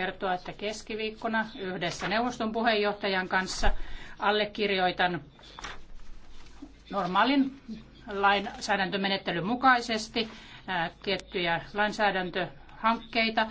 kertoa, että keskiviikkona yhdessä neuvoston puheenjohtajan kanssa allekirjoitan normaalin lainsäädäntömenettelyn mukaisesti tiettyjä lainsäädäntöhankkeita